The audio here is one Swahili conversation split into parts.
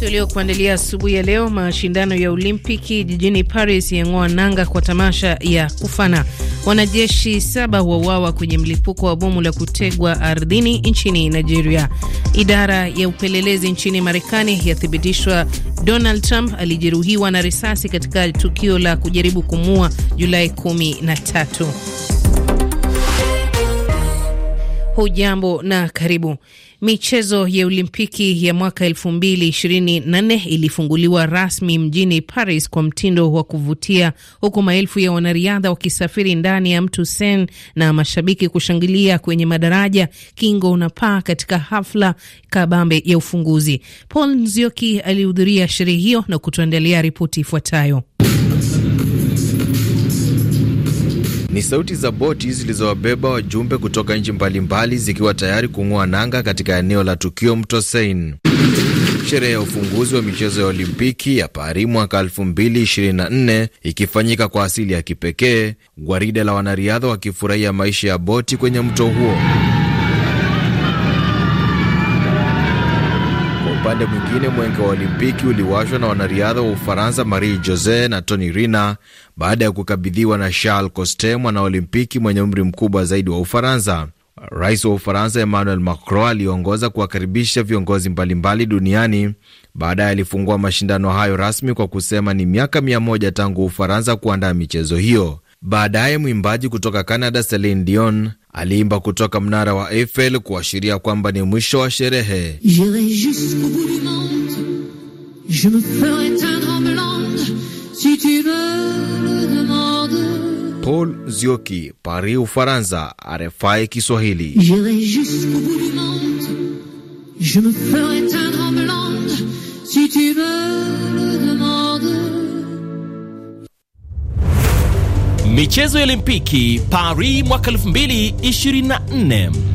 Tuliokuandalia asubuhi ya leo: mashindano ya Olimpiki jijini Paris yang'oa nanga kwa tamasha ya kufana. Wanajeshi saba wauawa kwenye mlipuko wa bomu la kutegwa ardhini nchini Nigeria. Idara ya upelelezi nchini Marekani yathibitishwa Donald Trump alijeruhiwa na risasi katika tukio la kujaribu kumua Julai 13. Hujambo na karibu. Michezo ya Olimpiki ya mwaka elfu mbili ishirini na nne ilifunguliwa rasmi mjini Paris kwa mtindo wa kuvutia, huku maelfu ya wanariadha wakisafiri ndani ya mto Seine na mashabiki kushangilia kwenye madaraja, kingo na paa katika hafla kabambe ya ufunguzi. Paul Nzioki alihudhuria sherehe hiyo na kutuandalia ripoti ifuatayo. Ni sauti za boti zilizowabeba wajumbe kutoka nchi mbalimbali zikiwa tayari kung'oa nanga katika eneo la tukio mto Seine. Sherehe ya ufunguzi wa michezo ya Olimpiki ya Paris mwaka 2024 ikifanyika kwa asili ya kipekee, gwaride la wanariadha wakifurahia maisha ya boti kwenye mto huo. upande mwingine, mwenge wa Olimpiki uliwashwa na wanariadha wa Ufaransa Marie Jose na Tony Rina baada ya kukabidhiwa na Charles Coste, mwanaolimpiki mwenye umri mkubwa zaidi wa Ufaransa. Rais wa Ufaransa Emmanuel Macron aliongoza kuwakaribisha viongozi mbalimbali duniani. Baadaye alifungua mashindano hayo rasmi kwa kusema ni miaka mia moja tangu Ufaransa kuandaa michezo hiyo. Baadaye mwimbaji kutoka Canada Celine Dion aliimba kutoka mnara wa Eiffel kuashiria kwamba ni mwisho wa sherehe. Paul Zioki, Paris, Ufaransa, RFI Kiswahili. Je me ferai Michezo ya Olimpiki Paris mwaka 2024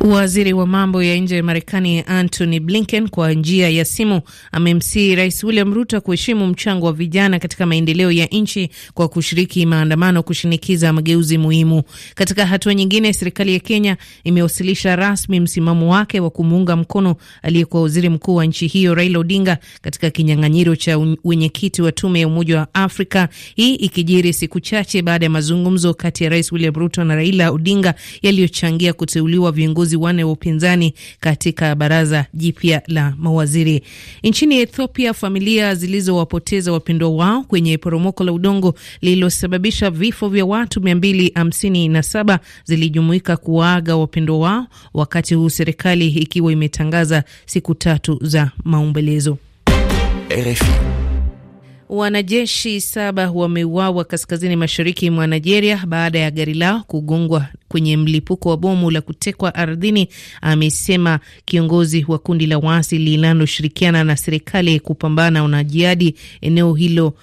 Waziri wa mambo ya nje ya Marekani Antony Blinken kwa njia ya simu amemsihi Rais William Ruto kuheshimu mchango wa vijana katika maendeleo ya nchi kwa kushiriki maandamano kushinikiza mageuzi muhimu. Katika hatua nyingine, serikali ya Kenya imewasilisha rasmi msimamo wake wa kumuunga mkono aliyekuwa waziri mkuu wa nchi hiyo Raila Odinga katika kinyang'anyiro cha wenyekiti wa tume ya Umoja wa Afrika, hii ikijiri siku chache baada ya mazungumzo kati ya Rais William Ruto na Raila Odinga yaliyochangia kuteuliwa viongozi viongozi wanne wa upinzani katika baraza jipya la mawaziri. Nchini Ethiopia, familia zilizowapoteza wapendwa wao kwenye poromoko la udongo lililosababisha vifo vya watu 257 zilijumuika kuwaaga wapendwa wao, wakati huu serikali ikiwa imetangaza siku tatu za maombolezo. RFI Wanajeshi saba wameuawa kaskazini mashariki mwa Nigeria baada ya gari lao kugongwa kwenye mlipuko wa bomu la kutekwa ardhini, amesema kiongozi wa kundi la waasi linaloshirikiana na serikali kupambana na jiadi eneo hilo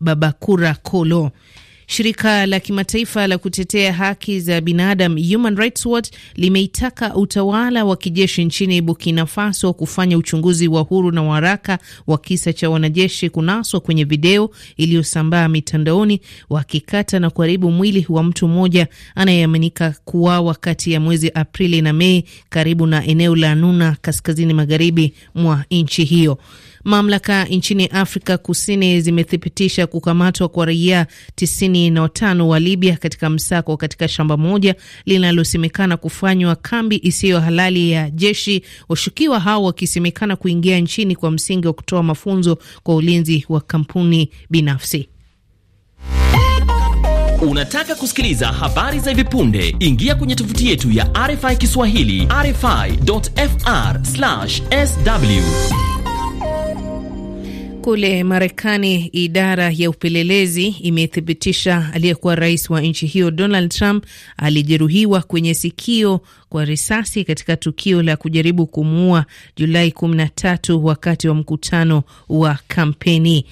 Babakura Kolo. Shirika la kimataifa la kutetea haki za binadamu Human Rights Watch limeitaka utawala wa kijeshi nchini Burkina Faso kufanya uchunguzi wa huru na waraka wa kisa cha wanajeshi kunaswa kwenye video iliyosambaa mitandaoni wakikata na kuharibu mwili wa mtu mmoja anayeaminika kuwawa kati ya mwezi Aprili na Mei karibu na eneo la Nuna kaskazini magharibi mwa nchi hiyo. Mamlaka nchini Afrika Kusini zimethibitisha kukamatwa kwa raia tisini na watano wa Libya katika msako katika shamba moja linalosemekana kufanywa kambi isiyo halali ya jeshi, washukiwa hao wakisemekana kuingia nchini kwa msingi wa kutoa mafunzo kwa ulinzi wa kampuni binafsi. Unataka kusikiliza habari za hivi punde? Ingia kwenye tovuti yetu ya RFI Kiswahili, rfi.fr/sw. Kule Marekani, idara ya upelelezi imethibitisha aliyekuwa rais wa nchi hiyo Donald Trump alijeruhiwa kwenye sikio kwa risasi katika tukio la kujaribu kumuua Julai 13 wakati wa mkutano wa kampeni.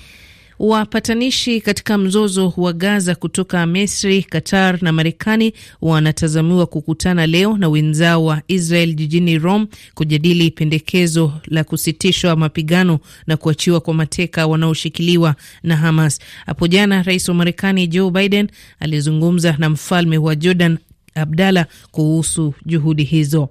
Wapatanishi katika mzozo wa Gaza kutoka Misri, Qatar na Marekani wanatazamiwa kukutana leo na wenzao wa Israel jijini Rome kujadili pendekezo la kusitishwa mapigano na kuachiwa kwa mateka wanaoshikiliwa na Hamas. Hapo jana rais wa Marekani Joe Biden alizungumza na mfalme wa Jordan Abdallah kuhusu juhudi hizo.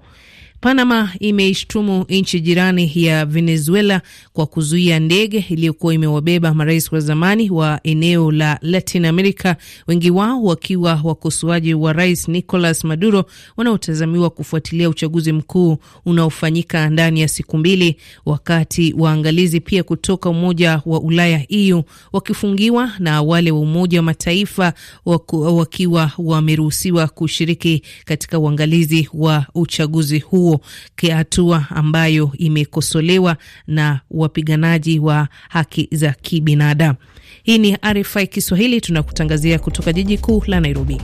Panama imeishtumu nchi jirani ya Venezuela kwa kuzuia ndege iliyokuwa imewabeba marais wa zamani wa eneo la Latin America, wengi wao wakiwa wakosoaji wa rais Nicolas Maduro, wanaotazamiwa kufuatilia uchaguzi mkuu unaofanyika ndani ya siku mbili, wakati waangalizi pia kutoka Umoja wa Ulaya EU wakifungiwa na wale wa Umoja wa Mataifa waku, wakiwa wameruhusiwa kushiriki katika uangalizi wa uchaguzi huo hatua ambayo imekosolewa na wapiganaji wa haki za kibinadamu. Hii ni RFI Kiswahili, tunakutangazia kutoka jiji kuu la Nairobi.